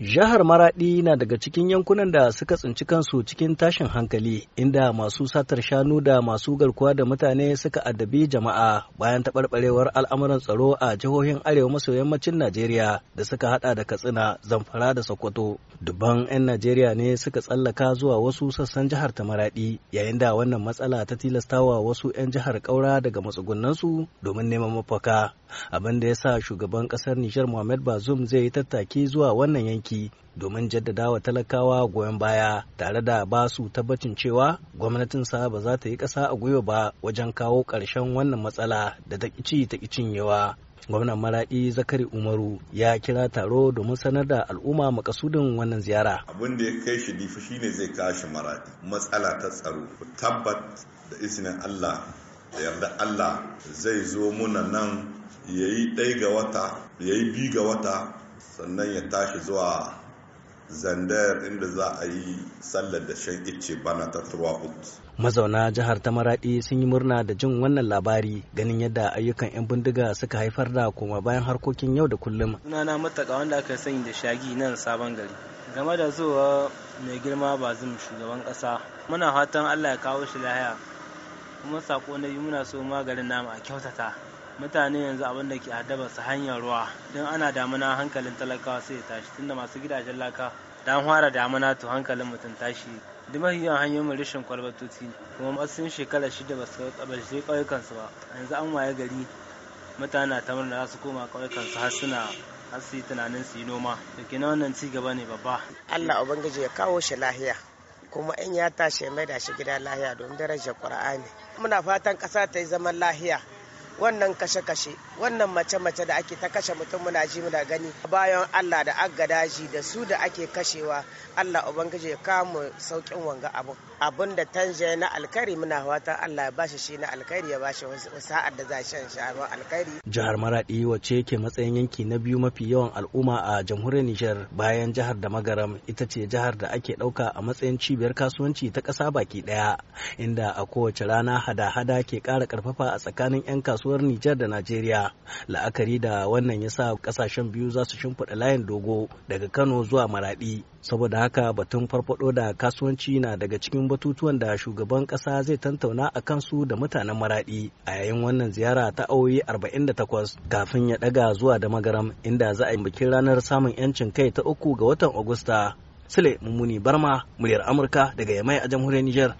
Jihar Maraɗi na daga cikin yankunan da suka tsinci kansu cikin tashin hankali inda masu satar shanu da masu garkuwa da mutane suka addabi jama'a bayan taɓarɓarewar al'amuran tsaro a jihohin arewa maso yammacin Najeriya da suka haɗa da Katsina, Zamfara da Sokoto. Dubban 'yan Najeriya ne suka tsallaka zuwa wasu sassan jihar ta Maraɗi yayin da wannan matsala ta tilastawa wasu 'yan jihar ƙaura daga matsugunansu domin neman mafaka. abin da ya sa shugaban kasar Nijar Mohamed Bazoum zai yi tattaki zuwa wannan yanki domin jaddadawa talakawa goyon baya tare da ba su tabbacin cewa gwamnatinsa ba za ta yi ƙasa a gwiwa ba wajen kawo ƙarshen wannan matsala da ta ƙici ta yawa. gwamnan maraɗi zakari umaru ya kira taro domin sanar da al'umma makasudin wannan ziyara abin da ya kai shi difi shine zai kashi maraɗi matsala ta tsaro tabbat da izinin allah da yarda allah zai zo muna nan ya yi ɗai ga wata ya yi bi ga wata sannan ya tashi zuwa zandar inda za a yi sallar da shan icce bana ta throughout mazauna jihar ta maradi sun yi murna da jin wannan labari ganin yadda ayyukan 'yan bindiga suka haifar da koma bayan harkokin yau da kullum na mataka wanda aka sani da shagi nan sabon gari game da zuwa mai girma ba zum shugaban kasa muna fatan allah ya kawo shi lahaya, kuma sako na yi muna so maganin nama a kyautata mutane yanzu abin da ke addaba su hanyar ruwa don ana damuna hankalin talakawa sai ya tashi tunda masu gidajen laka dan fara damuna to hankalin mutum tashi duk mahiyan hanyoyin rashin kwalbatoci kuma masu shekara shida ba su shi ƙauyukansu ba yanzu an waye gari mutane ta murna za su koma ƙauyukansu har suna har su yi tunanin su yi noma da ke wannan ci gaba ne babba allah ubangiji ya kawo shi lahiya kuma in ya tashi mai da shi gida lahiya don darajar ƙur'ani muna fatan ƙasa ta yi zaman lahiya wannan kashe-kashe wannan mace-mace da ake ta kashe mutum muna ji muna gani bayan allah da agadaji da su da ake kashewa allah ubangiji ya kama saukin wanga abun abun da tanje na alkari muna fatan allah ya bashi shi na alkari ya bashi sa'ar da za shan shahararren alkari jihar maradi wacce yake matsayin yanki na biyu mafi yawan al'umma a jamhuriyar nijar bayan jihar da magaram ita ce jihar da ake ɗauka a matsayin cibiyar kasuwanci ta kasa baki ɗaya inda a kowace rana hada-hada ke kara ƙarfafa a tsakanin 'yan kasuwa kasuwar Nijar da Najeriya. La'akari da wannan ya sa kasashen biyu za su shimfiɗa layin dogo daga Kano zuwa Maraɗi. Saboda haka batun farfaɗo da kasuwanci na daga cikin batutuwan da shugaban ƙasa zai tantauna a kansu da mutanen Maraɗi a yayin wannan ziyara ta awoyi 48 kafin ya ɗaga zuwa da magaram inda za a yi bikin ranar samun 'yancin kai ta uku ga watan Agusta. Sule Mummuni Barma, muryar Amurka daga Yamai a jamhuriyar Nijar.